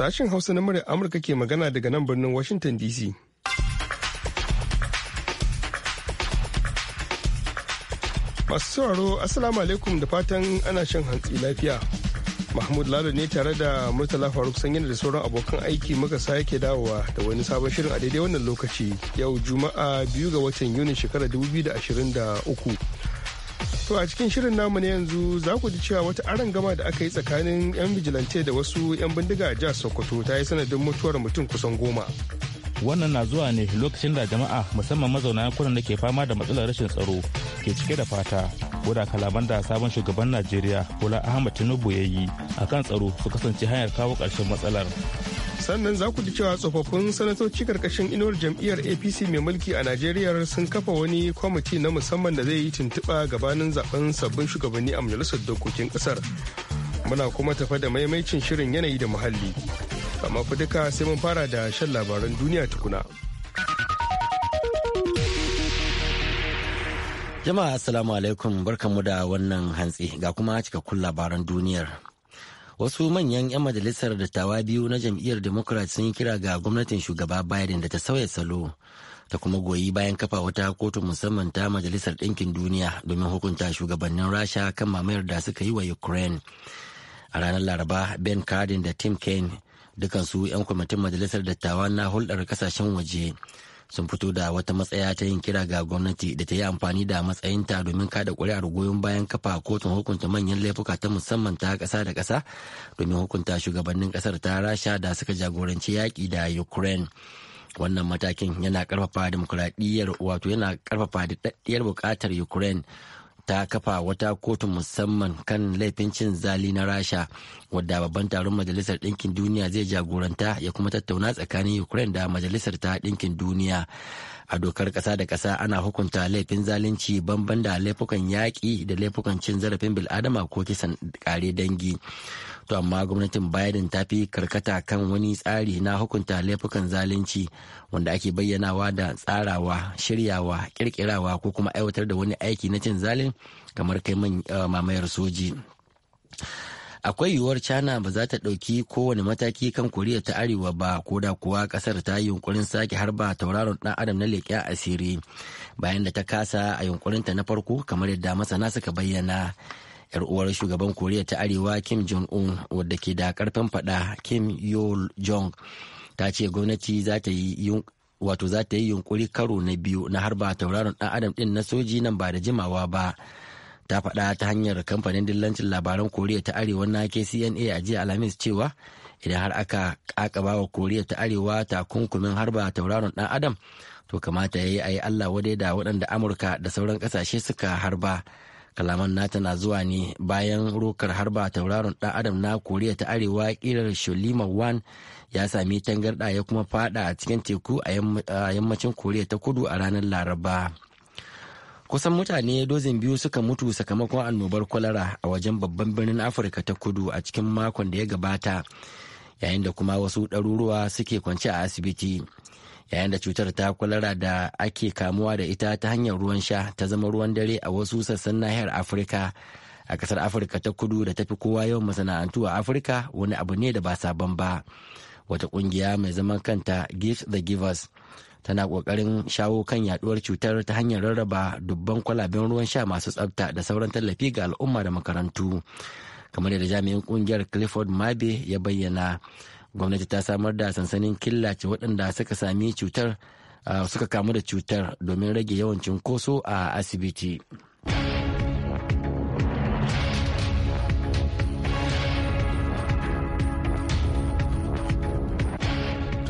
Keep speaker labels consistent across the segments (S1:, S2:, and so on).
S1: Sashen Hausa na murya Amurka ke magana daga nan birnin Washington DC. Masu sauraro Assalamu alaikum da fatan ana shan hantsi lafiya. Mahmud Lalo ne tare da Murtala Faruk san Sanyin da sauran abokan aiki muka sake dawowa da wani sabon shirin a daidai wannan lokaci yau Juma'a biyu ga watan Yuni shekarar 2023. To a cikin shirin namu na yanzu za ku ji cewa wata aron arangama da aka yi tsakanin 'yan bijilante da wasu 'yan bindiga a jihar Sokoto ta yi sanadin mutuwar mutum kusan goma.
S2: Wannan na zuwa ne lokacin da jama'a musamman mazauna yankunan da ke fama da matsalar rashin tsaro ke cike da fata koda kalaban da sabon shugaban Najeriya Bola Ahmed Tinubu ya yi a kan tsaro su kasance hanyar kawo karshen matsalar.
S1: sannan za ku ji cewa tsofaffin sanatoci karkashin inuwar jam'iyyar apc mai mulki a najeriya sun kafa wani kwamiti na musamman da zai yi tuntuɓa gabanin zaben sabbin shugabanni a majalisar dokokin ƙasar muna kuma tafa da maimaicin shirin yanayi da muhalli amma fa duka sai mun fara da shan labaran duniya tukuna
S3: jama'a assalamu alaikum barkanmu da wannan hantsi ga kuma cikakkun labaran duniyar Wasu manyan 'yan majalisar dattawa biyu na jam'iyyar Democrat sun yi kira ga gwamnatin shugaba Biden da ta sauya salo ta kuma goyi bayan kafa wata kotu musamman ta majalisar ɗinkin duniya domin hukunta shugabannin Rasha kan mamayar da suka yi wa Ukraine. A ranar Laraba, Ben Cardin da Tim Kaine dukansu 'yan kwamitin majalisar dattawa na hulɗar ƙasashen waje sun fito da wata matsaya ta yin kira ga gwamnati da ta yi amfani da matsayinta domin kada kuri'ar goyon bayan kafa kotun hukunta manyan laifuka ta musamman ta ƙasa da ƙasa domin hukunta shugabannin ƙasar ta rasha da suka jagoranci yaƙi da ukraine wannan matakin yana karfafa demokuraɗiyyar wato yana ƙarfafa daɗaɗɗiyar buƙatar ukraine ta kafa wata kotu musamman kan laifin cin zali na rasha wadda babban taron majalisar ɗinkin duniya zai jagoranta ya kuma tattauna tsakanin ukraine da majalisar ta ɗinkin duniya a dokar kasa da kasa ana hukunta laifin zalunci bamban da laifukan yaƙi da laifukan cin zarafin bil'adama ko kisan kare dangi to amma gwamnatin biden ta fi karkata kan wani tsari na hukunta laifukan zalunci wanda ake bayyanawa da tsarawa shiryawa kirkirawa ko kuma aiwatar da wani aiki na cin zalin kamar kai eh, mamayar soji akwai yiwuwar china ba za ta ɗauki kowane mataki kan koriya ta arewa ba ko da kuwa ƙasar ta yi yunkurin sake harba tauraron ɗan adam na a asiri bayan da ta kasa a yunkurin ta na farko kamar yadda masana suka bayyana yar uwar shugaban koriya ta arewa kim jong un wadda ke da karfin fada kim yol jong ta ce gwamnati za ta yi wato za ta yi yunkuri karo na biyu na harba tauraron ɗan adam ɗin na soji nan ba da jimawa ba ta faɗa ta hanyar kamfanin dillancin labaran koriya ta arewa na kcna a jiya alhamis cewa idan har aka kakaba wa koriya ta arewa takunkumin harba tauraron dan adam to kamata ya yi a yi allah wadai da waɗanda amurka da sauran ƙasashe suka harba kalaman nata na zuwa ne bayan rokar harba tauraron dan adam na koriya ta arewa kirar sholima wan ya sami tangarɗa ya kuma fada a cikin teku a yammacin koriya ta kudu a ranar laraba kusan mutane dozin biyu suka mutu sakamakon annobar kwalara a wajen babban birnin afirka ta kudu a cikin makon da ya gabata yayin da kuma wasu ɗaruruwa suke kwance a asibiti yayin da cutar ta kwalara da ake kamuwa da ita ta hanyar ruwan sha ta zama ruwan dare a wasu sassan nahiyar afirka a kasar afirka ta kudu da tafi kowa yawan masana'antu a afirka wani abu ne da ba sabon ba wata kungiya mai zaman kanta gift the givers tana kokarin shawo kan yaduwar cutar ta hanyar rarraba dubban kwalaben ruwan sha masu tsabta da sauran tallafi ga al'umma da makarantu kamar yadda jami'in kungiyar clifford mabe ya bayyana gwamnati ta samar da sansanin killace waɗanda suka sami cutar ah, suka kamu da cutar domin rage yawan cunkoso a asibiti.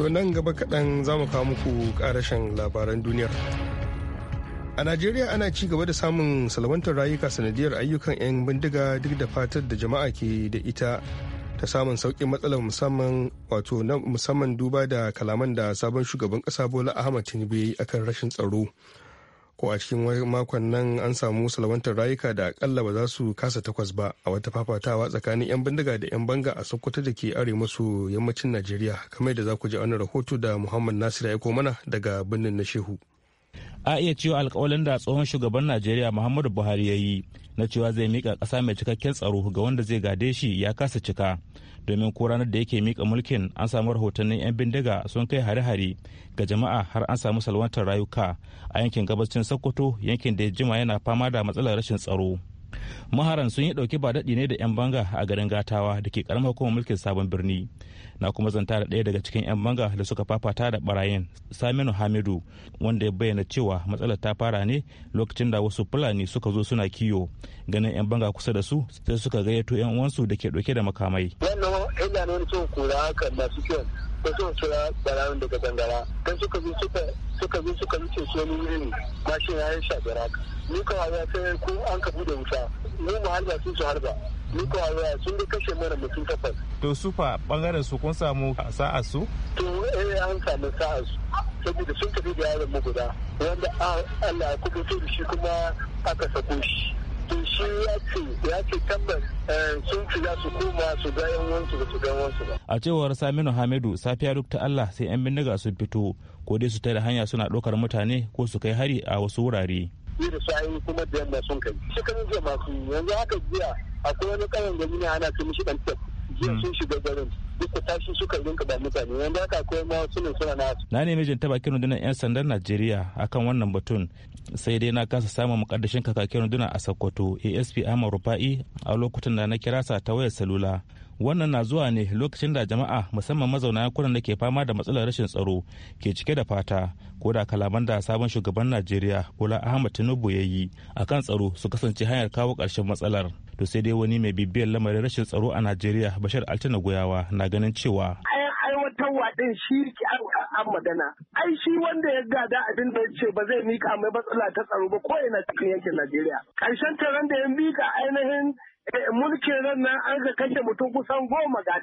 S1: To nan gaba kaɗan za mu kawo muku ƙarashen labaran duniyar. A Najeriya ana ci gaba da samun salwantar rayuka sanadiyar ayyukan 'yan bindiga duk da fatar da jama'a ke da ita ta samun sauƙin matsalar musamman wato na musamman duba da kalaman da sabon shugaban ƙasa Bola Ahmad Tinubu ya yi akan rashin tsaro. ko a cikin makon nan an samu salwantar rayuka da akalla ba za su kasa takwas ba a wata fafatawa tsakanin 'yan bindiga da 'yan banga a sokoto da ke are masu yammacin najeriya kamar da za ku ji wani rahoto da muhammad nasir ya mana daga birnin
S2: na shehu a iya cewa alkawalin da tsohon shugaban najeriya muhammadu buhari ya yi na cewa zai mika ƙasa mai cikakken tsaro ga wanda zai gade shi ya kasa cika domin ko ranar da yake mika mulkin an samu rahotannin 'yan bindiga sun kai hare-hare ga jama'a har an samu salwantar rayuka a yankin gabacin sokoto yankin da ya jima yana fama da matsalar rashin tsaro maharan sun yi dauki ba daɗi ne da 'yan banga a garin gatawa da ke karamar kuma mulkin sabon birni na kuma zanta da ɗaya daga cikin 'yan banga da suka fafata da barayin saminu hamidu wanda ya bayyana cewa matsalar ta fara ne lokacin da wasu fulani suka zo suna kiyo ganin 'yan banga kusa da su sai suka gayyato 'yan uwansu da ke dauke da makamai.
S4: ba su kira barawun daga gangara don suka zo suka suka zo suka wuce su wani wuri ne shi ya yi shagara ni kawai ya sai ko an ka bude wuta mu mu harba sun su harba ni kawai sun bi kashe mana mutum takwas.
S2: to su fa bangaren su kun samu sa'a su.
S4: to eh an samu sa'a su saboda sun tafi da yaron mu guda wanda Allah ya kubuto da shi kuma aka sako shi. to shi ya ce ya ce tabbas eh, sun ci za su koma su ga yan wansu ba su ga wansu ba
S2: a cewar Saminu Hamidu safiya duk ta Allah sai yan bindiga sun fito ko dai su da hanya suna ɗaukar mutane ko su kai hari a wasu wurare
S4: yi da su kuma da yamma sun kai jiya masu yanzu haka jiya akwai wani ƙauyen gari ne ana kai mishi ɗan tafi jiya hmm. sun shiga garin tashi suka rinka ba mutane wanda haka akwai ma wasu ne suna nasu.
S2: na ne mijin taba kiran rundunar yan sandan najeriya akan wannan batun sai dai na kasa samun mukaddashin kakakin rundunar a sokoto asp ahmad rufa'i a lokutan da na kira sa ta wayar salula wannan na zuwa ne lokacin da jama'a musamman mazauna yankunan da ke fama da matsalar rashin tsaro ke cike da fata ko da kalaman da sabon shugaban najeriya bola ahmad tinubu ya yi akan tsaro su kasance hanyar kawo karshen matsalar to sai dai wani mai bibiyar lamarin rashin tsaro a najeriya bashar altina goyawa na ganin cewa
S5: aiwatarwa din shi ke an magana ai shi wanda ya gada abin da ya ce ba zai mika mai matsala ta tsaro ba ko ina cikin yankin najeriya Karshen taron da ya mika ainihin eh, mulkin ran nan an ga kashe mutum kusan goma ga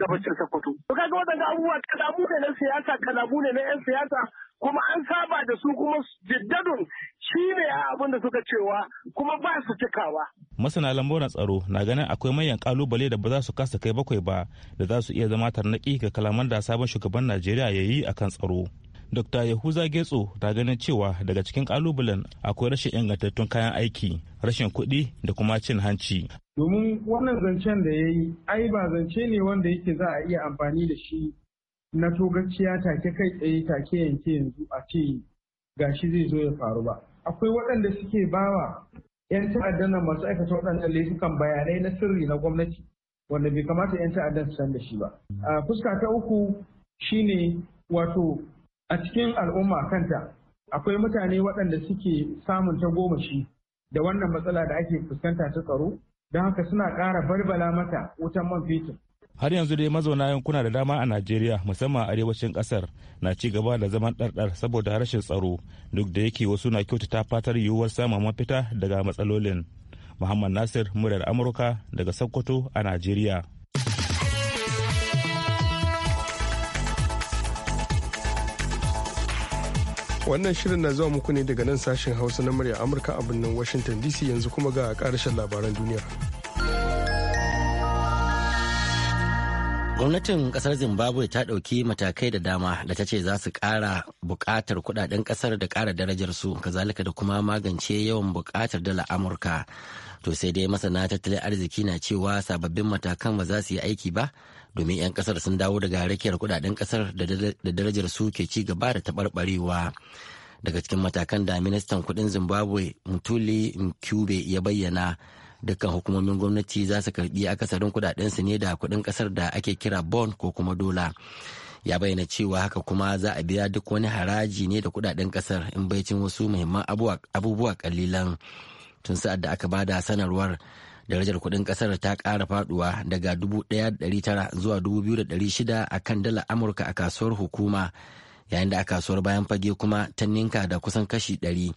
S5: gabashin Sokoto. To kaga waɗanda abubuwa kalamu ne na siyasa kalamu ne na 'yan siyasa kuma an saba da su kuma jiddadun shi ne abin da suka cewa kuma ba su
S6: cikawa.
S2: Masana lamburan tsaro na ganin akwai manyan kalubale da ba za su kasa kai bakwai ba da za su iya zama tarnaƙi ga kalaman da sabon shugaban Najeriya ya yi akan tsaro. Dr. Yahuza Getso ta ganin cewa daga cikin kalubalen akwai rashin ingantattun kayan aiki, rashin kuɗi da kuma cin hanci.
S1: Domin wannan zancen da ya yi, ai ba zance ne wanda yake za a iya amfani da shi na togaciya take kai tsaye take yanke yanzu a ce shi zai zo ya faru ba akwai waɗanda suke bawa 'yan ta'addan na masu aikata waɗannan laifukan bayanai na sirri na gwamnati wanda bai kamata 'yan ta'adda su san da shi ba a fuska ta uku shine wato a cikin al'umma kanta akwai mutane waɗanda suke samun ta gomashi da wannan matsala da ake fuskanta ta tsaro don haka suna ƙara barbala mata wutan man fetur
S2: har yanzu dai mazauna yankuna da dama a najeriya musamman a arewacin kasar na ci gaba da zaman ɗarɗar saboda rashin tsaro duk da yake wasu na kyautata fatar yiwuwar samun mafita daga matsalolin muhammad nasir muryar amurka daga sokoto a najeriya
S1: wannan shirin na zuwa muku ne daga nan sashen hausa na murya amurka a birnin washington dc yanzu kuma ga karshen labaran duniya
S3: Gwamnatin kasar Zimbabwe ta ɗauki matakai da dama da ta ce za su ƙara bukatar kudaden kasar da ƙara darajar su kazalika da kuma magance yawan bukatar dala Amurka. To sai dai masana tattalin arziki na cewa sababbin matakan ba za su yi aiki ba domin 'yan ƙasar sun dawo daga rakiyar kudaden ƙasar da darajar su ke ci gaba da taɓarɓarewa. Daga cikin matakan da ministan kuɗin Zimbabwe Mutuli Mcube ya bayyana dukkan hukumomin gwamnati za su karbi akasarin su ne da kudin kasar da ake kira bon ko kuma dola ya bayyana cewa haka kuma za a biya duk wani haraji ne da kudaden kasar in baicin wasu muhimman abubuwa kalilan tun sa'ad da aka bada sanarwar darajar kudin kasar ta kara faduwa daga 1,900 zuwa 2,600 a kan dala amurka a kasuwar hukuma yayin da a kasuwar bayan fage kuma ta ninka da kusan kashi ɗari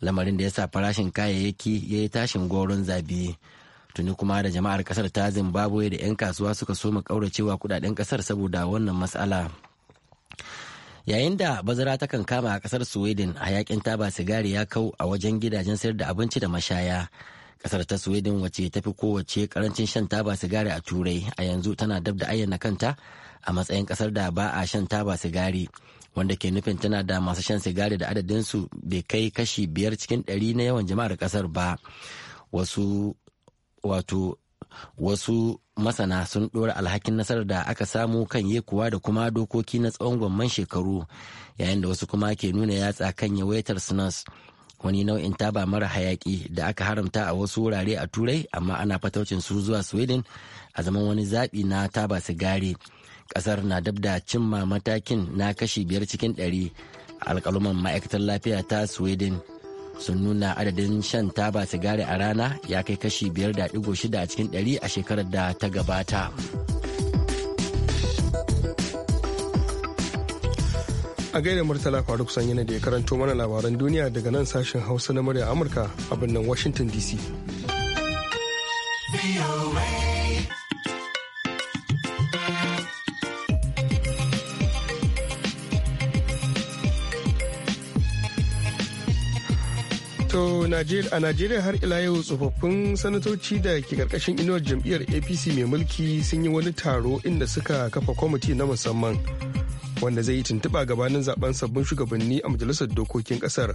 S3: lamarin da ya sa farashin kayayyaki ya yi tashin goron zabi tuni kuma da jama'ar kasar ta zimbabwe da 'yan kasuwa suka soma kauracewa kudaden kasar saboda wannan matsala yayin da bazara ta kan kama a kasar sweden hayakin taba sigari ya kau a wajen gidajen sayar da abinci da mashaya kasar ta sweden wace ta fi kowace karancin shan taba sigari a turai a yanzu tana dab da ayyana kanta a matsayin kasar da ba a shan taba sigari wanda ke nufin tana da masu shan sigari da adadinsu bai kai kashi biyar cikin ɗari na yawan jama'ar ƙasar ba wasu wato wasu masana sun ɗora alhakin nasarar da aka samu kan yekuwa da kuma dokoki na tsawon gwamman shekaru yayin da wasu kuma ke nuna yatsa kan yawaitar snus wani nau'in taba mara hayaki da aka haramta a wasu wurare a turai amma ana fataucin su zuwa sweden a zaman wani zaɓi na taba sigari kasar na dab da cimma matakin na kashi biyar cikin ɗari alkaluman ma'aikatar lafiya ta sweden sun nuna adadin shan taba sigari a rana ya kai kashi biyar da digo shida a cikin ɗari a shekarar da ta gabata
S1: a gaida murtala faruk yana da ya karanto mana labaran duniya daga nan sashen hausa na murya amurka a birnin washington dc a najeriya har ila yau tsofaffin sanatoci da ke karkashin inuwar jam'iyyar apc mai mulki sun yi wani taro inda suka kafa kwamiti na musamman wanda zai yi tuntuɓa gabanin zaben sabbin shugabanni a majalisar dokokin kasar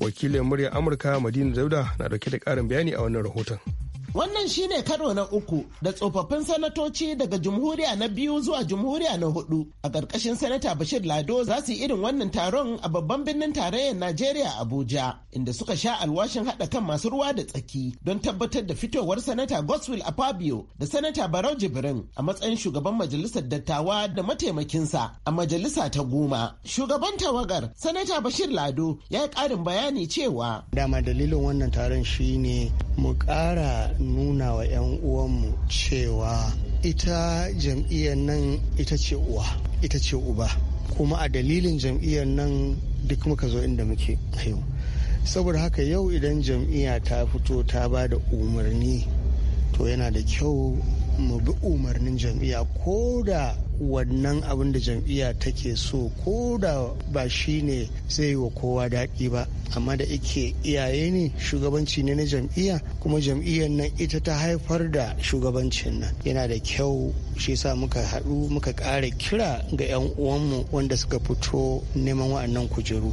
S1: wakilin murya amurka madina dauda na dauke da ƙarin bayani a wannan rahoton
S7: Wannan shine karo na uku da tsofaffin sanatoci daga jumhuriya na biyu zuwa jumhuriya na hudu a ƙarƙashin sanata Bashir Lado za su yi irin wannan taron a babban birnin tarayyar Najeriya Abuja inda suka sha alwashin haɗa kan masu ruwa da tsaki don tabbatar da fitowar sanata Goswill Fabio da sanata Barau Jibrin a matsayin shugaban majalisar dattawa da mataimakinsa a majalisa ta goma. Shugaban tawagar sanata Bashir Lado ya yi ƙarin bayani cewa. Dama dalilin wannan taron shine mu
S5: ƙara nuna wa 'yan uwanmu cewa ita jam'iyyar nan ita ce uwa ita ce uba kuma a dalilin jam'iyyar nan duk muka zo inda muke yau saboda haka yau idan jam'iyya ta fito ta ba da umarni to yana da kyau mu bi umarnin jam'iyya ko da wannan abin da jam'iyya take so ko da ba shi ne zai yi wa kowa daɗi ba amma da ike iyaye ne shugabanci ne na jam'iyya kuma jam'iyyar nan ita ta haifar da shugabancin nan yana da kyau shi sa muka haɗu muka ƙara kira ga 'yan uwanmu wanda suka fito neman wa'annan kujeru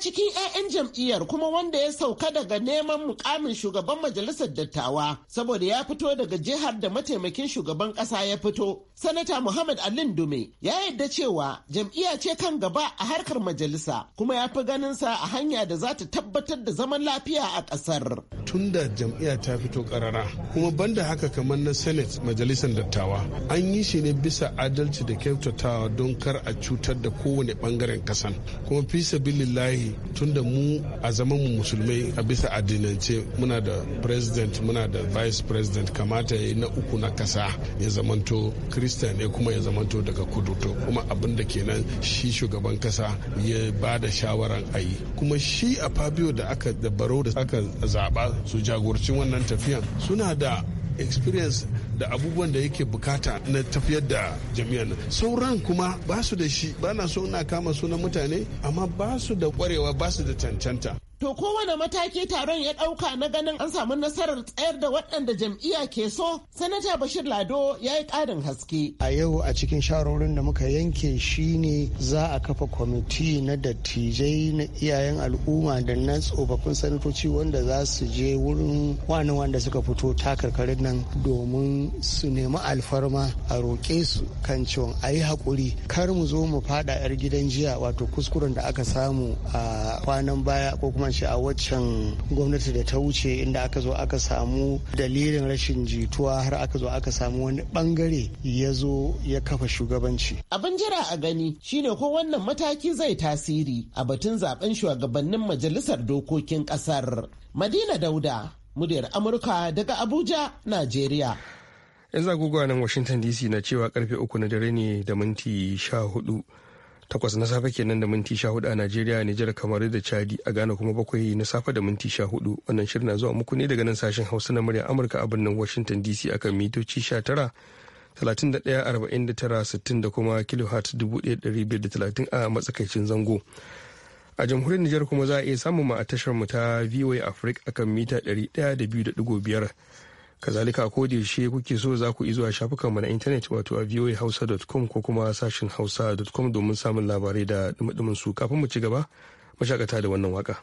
S7: cikin 'ya'yan jam'iyyar kuma wanda ya sauka daga neman mukamin shugaban majalisar dattawa saboda ya fito daga jihar da mataimakin shugaban ƙasa ya fito. Sanata Muhammad Alin Dume ya yadda cewa jam'iyya ce kan gaba a harkar majalisa kuma ya fi ganin sa a hanya da za ta tabbatar da zaman lafiya a ƙasar. Tun da jam'iyya
S1: ta fito karara kuma banda haka kamar na Senate majalisar dattawa an yi shi ne bisa adalci da kyautatawa don kar a cutar da kowane bangaren kasan kuma fisa bilillahi tunda mu a zaman musulmai a bisa addinance muna da president muna da vice president kamata ya yi na uku na kasa ya zamanto krista ne kuma ya zamanto daga kudu to kuma abin da kenan shi shugaban kasa ya ba da shawaran ayi kuma shi a fabio da aka da baro da aka zaba su jagorci wannan tafiyan suna da experience da abubuwan da yake bukata na tafiyar da jami'an nan sauran kuma basu da shi bana na so na kama sunan mutane amma basu da kwarewa basu da cancanta
S7: To kowane mataki taron ya ɗauka na ganin an samu nasarar tsayar da waɗanda jam'iyya ke so, Sanata Bashir Lado ya yi ƙarin haske. A yau
S5: a cikin shawarorin da muka yanke shi ne za a kafa kwamiti na dattijai na iyayen al'umma da na tsofaffin sanatoci wanda za su je wurin wani wanda suka fito takarkarin nan domin su nemi alfarma a roƙe su kan cewa a yi haƙuri kar mu zo mu faɗa 'yar gidan jiya wato kuskuren da aka samu a kwanan baya ko kuma musamman shi a waccan gwamnati da ta wuce inda aka zo aka samu dalilin rashin jituwa har aka zo aka samu wani bangare ya zo ya kafa shugabanci.
S7: Abin jira a gani shine ko wannan mataki zai tasiri a batun zaben shugabannin majalisar dokokin kasar. Madina Dauda, muryar Amurka daga Abuja, Najeriya.
S1: Yanzu agogo nan Washington DC na cewa karfe uku na dare ne da minti sha hudu. takwas na safe kenan da minti sha hudu a najeriya nijar kamar da chadi a ghana kuma bakwai na safe da minti sha hudu wannan shirin na zuwa muku ne daga nan sashen hausa na murya amurka a birnin washington dc akan mitoci sha tara talatin da daya da tara sittin da kuma kilohertz dubu daya talatin a matsakaicin zango a jamhuriyar nijar kuma za a iya samun ma a tashar mu ta voa africa akan mita ɗari kazalika ko da yaushe kuke so za ku zuwa shafukanmu na intanet wato a voahausa.com ko kuma sashin hausa.com domin samun labarai da dumadumin su kafin mu ci gaba mashakata da wannan waka.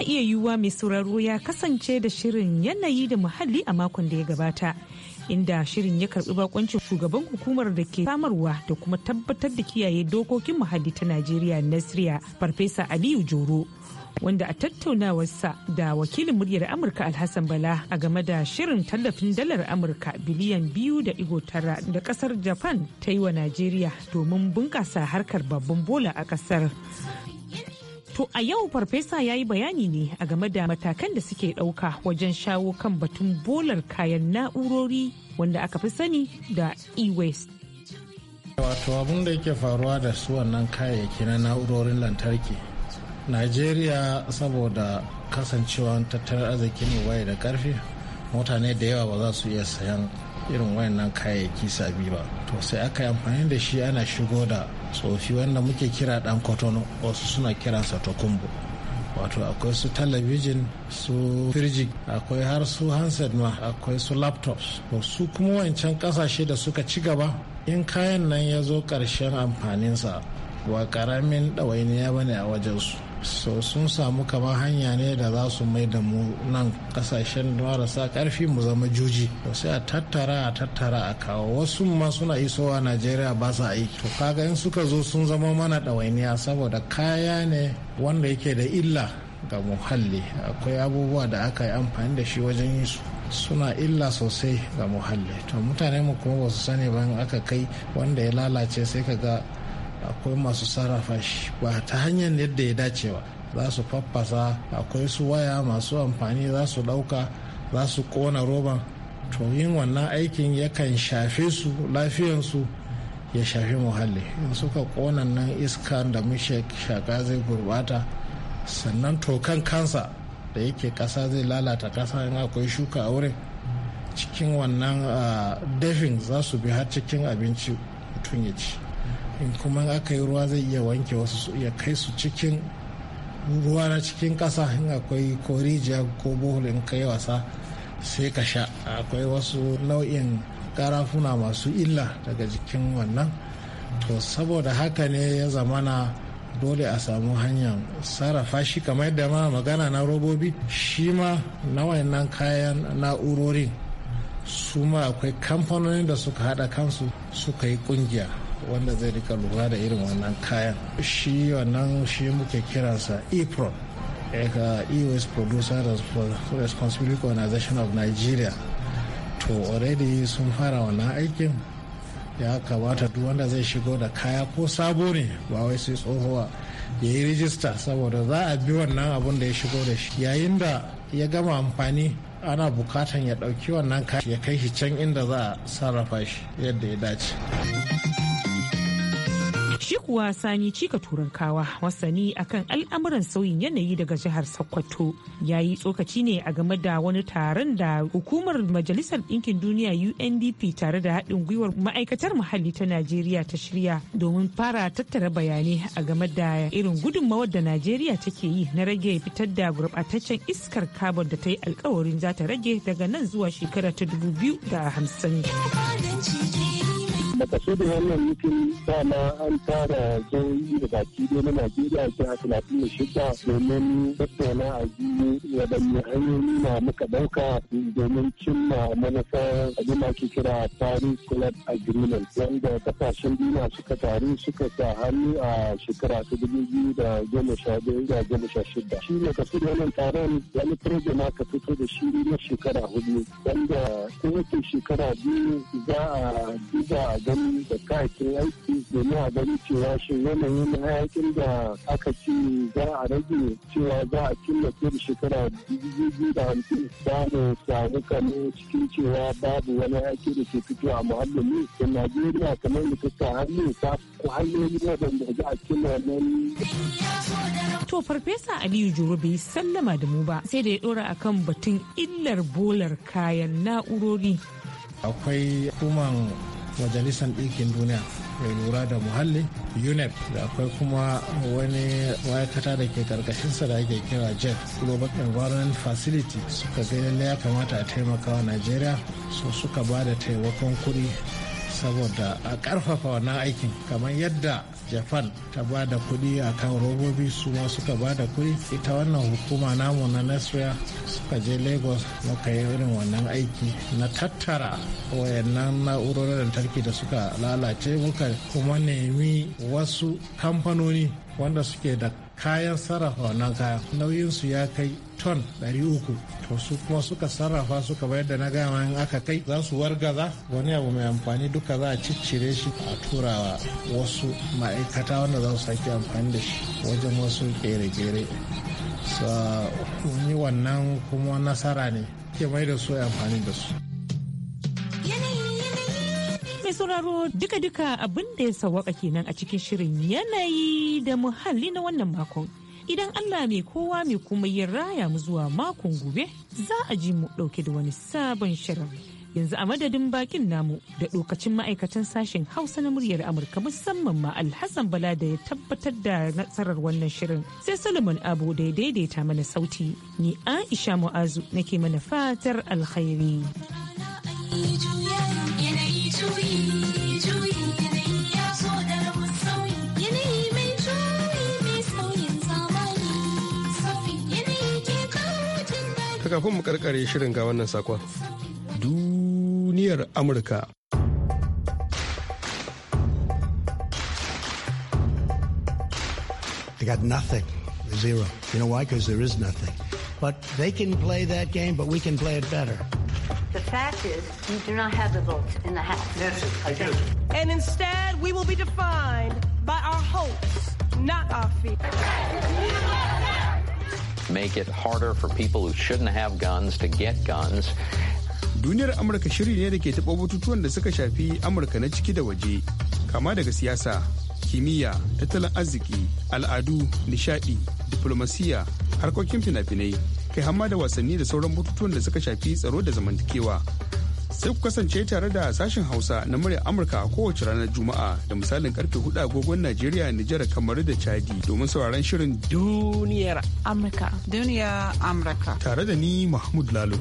S8: yana iya yiwuwa mai sauraro ya kasance da shirin yanayi da muhalli a makon da ya gabata inda shirin ya karbi bakoncin shugaban hukumar da ke samarwa da kuma tabbatar da kiyaye dokokin muhalli ta najeriya nasiriya farfesa aliyu joro wanda a tattaunawarsa da wakilin muryar amurka alhassan bala a game da shirin tallafin dalar amurka biliyan biyu da igo tara da kasar japan ta yi wa najeriya domin bunkasa harkar babban bola a kasar To a yau farfesa ya yi bayani ne a game da matakan da suke ɗauka wajen shawo kan batun bolar kayan na'urori wanda aka fi sani da e-waste.
S6: Wato abin da yake faruwa da su wannan kayayyaki na na'urorin lantarki. Najeriya saboda kasancewa tattalin arziki ne waye da karfi mutane da yawa ba za su iya sayan irin wayannan kayayyaki sabi ba to sai aka yi amfani da shi ana shigo da tsofi wanda muke kira dan kotono wasu suna kiransa tokumbo wato akwai su talabijin su firji akwai har su handset ma akwai su laptops su kuma wancan kasashe da suka ci gaba in kayan nan ya zo ƙarshen amfaninsa wa ƙaramin ɗawainiya bane a wajensu so sun samu kamar hanya ne da za su mai da mu nan kasashen marasa karfi mu zama juji to sai a tattara a tattara a kawo wasu ma suna isowa najeriya ba sa aiki to kaga in suka zo sun zama mana ɗawainiya saboda kaya ne wanda yake da illa ga muhalli akwai abubuwa da aka yi amfani da shi wajen yi su suna illa sosai ga muhalli to mutane mu kuma ba su sani ba aka kai wanda ya lalace sai ka ga akwai masu sarrafa shi ba ta hanyar yadda ya dace ba za su faffasa akwai su waya masu amfani za su ɗauka za su ƙona roban to yin wannan aikin yakan shafe su lafiyansu ya shafi muhalli in suka ƙona nan iska da muke shaka zai gurbata sannan tokan kansa da yake ƙasa zai lalata ƙasa in akwai shuka a wurin cikin wannan ah, dafin za su bi har cikin abinci mutum ya ci in kuma aka yi ruwa zai iya wanke wasu ya kai su cikin ruwa na cikin ƙasa in akwai korijiya ko bohol in kai wasa sai ka sha akwai wasu nau'in karafuna masu illa daga jikin wannan to saboda haka ne ya zamana dole a samu hanyar sarrafa shi kamar yadda ma magana na robobi shi ma na wayannan kayan na'urorin su ma akwai kamfanonin da suka hada kansu suka yi kungiya wanda zai rika lura da irin wannan kayan shi wannan shi muke kiransa epron eka eos producer responsibility organization of nigeria to already sun fara wannan aikin ya kamata duk wanda zai shigo da kaya ko sabo ne ba wai sai tsohuwa ya yi rijista saboda za a bi wannan abun da ya shigo da shi yayin da ya gama amfani ana bukatan ya ɗauki wannan kaya ya kai shi can inda za a sarrafa shi yadda ya dace.
S8: Shi kuwa Sani Cika Turankawa wasani akan al'amuran sauyin yanayi daga jihar Sokoto ya yi tsokaci ne a game da wani taron da hukumar Majalisar Ɗinkin Duniya UNDP tare da haɗin gwiwar ma'aikatar muhalli ta Najeriya ta shirya domin fara tattara bayanai a game da irin gudunmawar da Najeriya take yi na rage fitar da gurɓataccen iskar carbon da ta yi alkawarin za ta rage daga nan zuwa shekara ta biyu da 2050.
S4: makasudin wannan mutum dama an tara jihohi da baki da na najeriya a talatin da shida domin tattauna a ji waɗanne hanyoyi na muka ɗauka domin cimma manufa abin ake kira paris club agreement wanda kasashen duniya suka taru suka sa hannu a shekara ta dubu biyu da goma sha biyu da goma sha shida shi makasudin wannan taron wani na ka fito da shi na shekara hudu wanda kowace shekara biyu za a duba takardu da kakin aiki domin a gani cewa shi yanayin hayakin da aka ci za a rage cewa za a killace da shekara biyu da hamsin za mu samu kanu cikin cewa babu wani aiki da ke fito a muhallin da najeriya kamar da ta hannu ta ku hanyoyi ban za a killa nan.
S8: To Farfesa Aliyu Juro bai sallama da mu ba sai da ya ɗora akan batun illar bolar kayan na'urori.
S6: Akwai human majalisar ɗinkin duniya mai lura da muhalli unep da akwai kuma wani ma'aikata da ke karkashinsa da ake kira jet global environment facility suka ga ya kamata a taimaka wa najeriya so suka ba da taimakon kuɗi saboda a karfafa wannan aikin kamar yadda japan ta ba da kuɗi a kan robobi su ma suka ba da kuɗi ita wannan hukuma namu na nasriya suka je lagos muka yi irin wannan aiki na tattara wayannan na'urorin lantarki da suka lalace muka kuma nemi wasu kamfanoni wanda suke da kayan sarrafa wannan nauyin nauyinsu ya kai ton 300 to su kuma suka sarrafa suka bayar da na gama in aka kai za su wargaza wani abu mai amfani duka za a ciccire shi a turawa wasu ma'aikata wanda za su sake amfani da shi wajen wasu kere-kere sa wani wannan kuma nasara ne ke mai da su amfani da su
S8: mai sauraro duka-duka abin da ya sawaka kenan a cikin shirin yanayi da muhalli na wannan makon. Idan Allah mai kowa mai kuma ya raya mu zuwa makon gobe za a ji mu ɗauke da wani sabon shirin. Yanzu a madadin bakin namu da ɗokacin ma'aikatan sashen Hausa na muryar Amurka musamman ma Alhassan Bala da ya tabbatar da nasarar wannan shirin sai Solomon Abu da ya daidaita mana sauti. Ni Aisha Mu'azu nake mana fatar alkhairi.
S1: kafin mu karkare shirin ga wannan sakon. Duniyar Amurka. They got nothing, zero. You know why? Because there is nothing.
S4: But they can play that game, but we can play it better. The fact is, you do not have the votes in the House. Yes, I do. And instead, we will be defined by our hopes, not our fears.
S8: Make it
S1: harder for people who shouldn't have guns to get guns. Duniyar Amurka shiri ne da ke taɓa batutuwan da suka shafi Amurka na ciki da waje, kama daga siyasa, kimiyya, tattalin arziki, al'adu, nishadi, diplomasiya, harkokin fina-finai. kai hamma da wasanni da sauran bututun da suka shafi tsaro da zamantakewa. Sai ku kasance tare da sashen Hausa na muryar Amurka a kowace ranar Juma'a da misalin karfe hudu agogon Najeriya, Nijar, kamar da Chadi domin sauraron shirin Duniyar
S7: Amurka. duniya
S6: Amurka.
S1: Tare da ni Mahmud Lalo.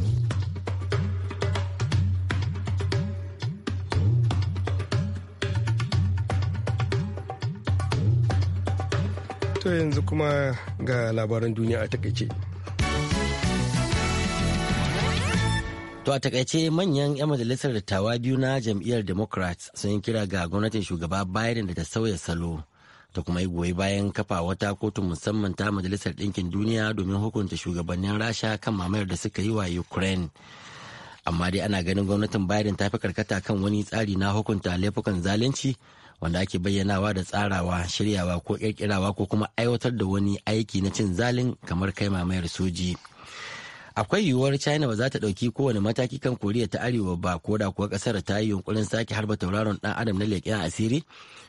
S1: To yanzu kuma ga labaran duniya a takaice.
S3: To a takaice manyan 'yan majalisar dattawa biyu na jam'iyyar Democrats sun yi kira ga gwamnatin shugaba Biden da ta sauya salo ta kuma yi goyi bayan kafa wata kotun musamman ta majalisar ɗinkin duniya domin hukunta shugabannin rasha kan mamayar da suka yi wa Ukraine. Amma dai ana ganin gwamnatin Biden ta fi karkata kan wani tsari na hukunta laifukan zalunci wanda ake bayyanawa da tsarawa shiryawa ko kirkirawa ko kuma aiwatar da wani aiki na cin zalin kamar kai mamayar soji. akwai yiwuwar china ba za ta ɗauki kowane mataki kan koriya ta arewa ba ko da kuwa kasar ta yi yunkurin sake harba tauraron ɗan adam na leƙen asiri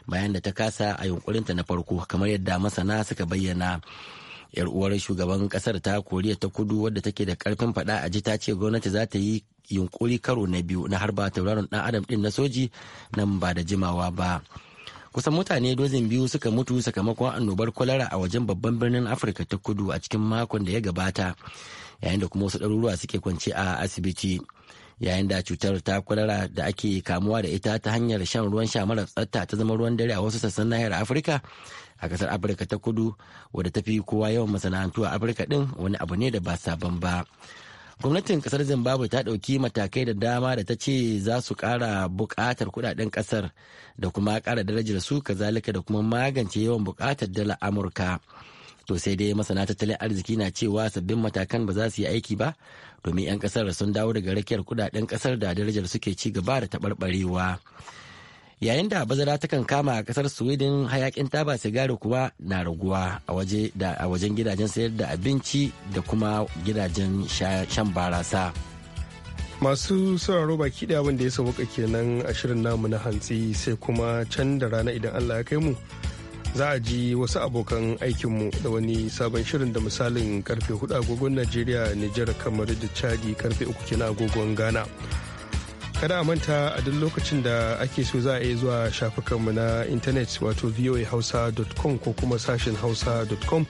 S3: bayan da ta kasa a ta na farko kamar yadda masana suka bayyana yar uwar shugaban kasar ta koriya ta kudu wadda take da karfin fada a ji ta ce gwamnati za ta yi yunkuri karo na biyu na harba tauraron dan adam din na soji nan ba da jimawa ba kusan mutane dozin biyu suka mutu sakamakon annobar kwalara a wajen babban birnin afirka ta kudu a cikin makon da ya gabata yayin da kuma wasu ɗaruruwa suke kwance a asibiti yayin da cutar ta kwalara da ake kamuwa da ita ta hanyar shan ruwan sha mara tsatta ta zama ruwan dare a wasu sassan nahiyar afirka a kasar afirka ta kudu wadda ta fi kowa yawan masana'antu a afirka din wani abu ne da ba sabon ba gwamnatin kasar zimbabwe ta ɗauki matakai da dama da ta ce za su ƙara buƙatar kuɗaɗen ƙasar da kuma kara darajar su kazalika da kuma magance yawan bukatar dala amurka to sai dai masana tattalin arziki na cewa sabbin matakan ba za su yi aiki ba domin 'yan kasar sun dawo daga rakiyar kudaden kasar da darajar suke ci gaba da taɓarɓarewa yayin da bazara takan kama a kasar sweden hayakin taba sigari kuma na raguwa a wajen gidajen sayar da abinci da kuma gidajen shan barasa.
S1: masu sauraro baki da abin da ya sauka kenan a shirin namu na hantsi sai kuma can da rana idan allah ya kai mu za a ji wasu abokan aikinmu da wani sabon shirin da misalin karfe 4 agogon najeriya nijar kamar da chadi karfe 3 kina agogon ghana kada a manta a duk lokacin da ake so za a iya zuwa shafukanmu na intanet wato voahausa.com ko kuma sashen hausa.com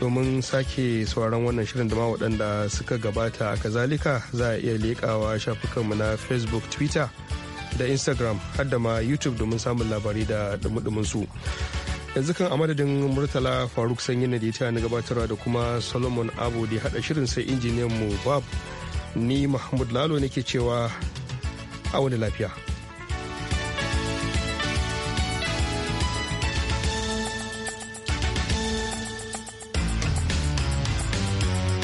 S1: domin sake sauran wannan shirin da ma waɗanda suka gabata a kazalika za a iya leƙawa shafukanmu na facebook twitter da instagram har da ma youtube domin samun labari da dumudumin su yanzu kan a madadin murtala faruk sanyi na ta na gabatarwa da kuma solomon abu da hada shirin sai injiniyan mu bab ni mahmud lalo nake cewa a wani lafiya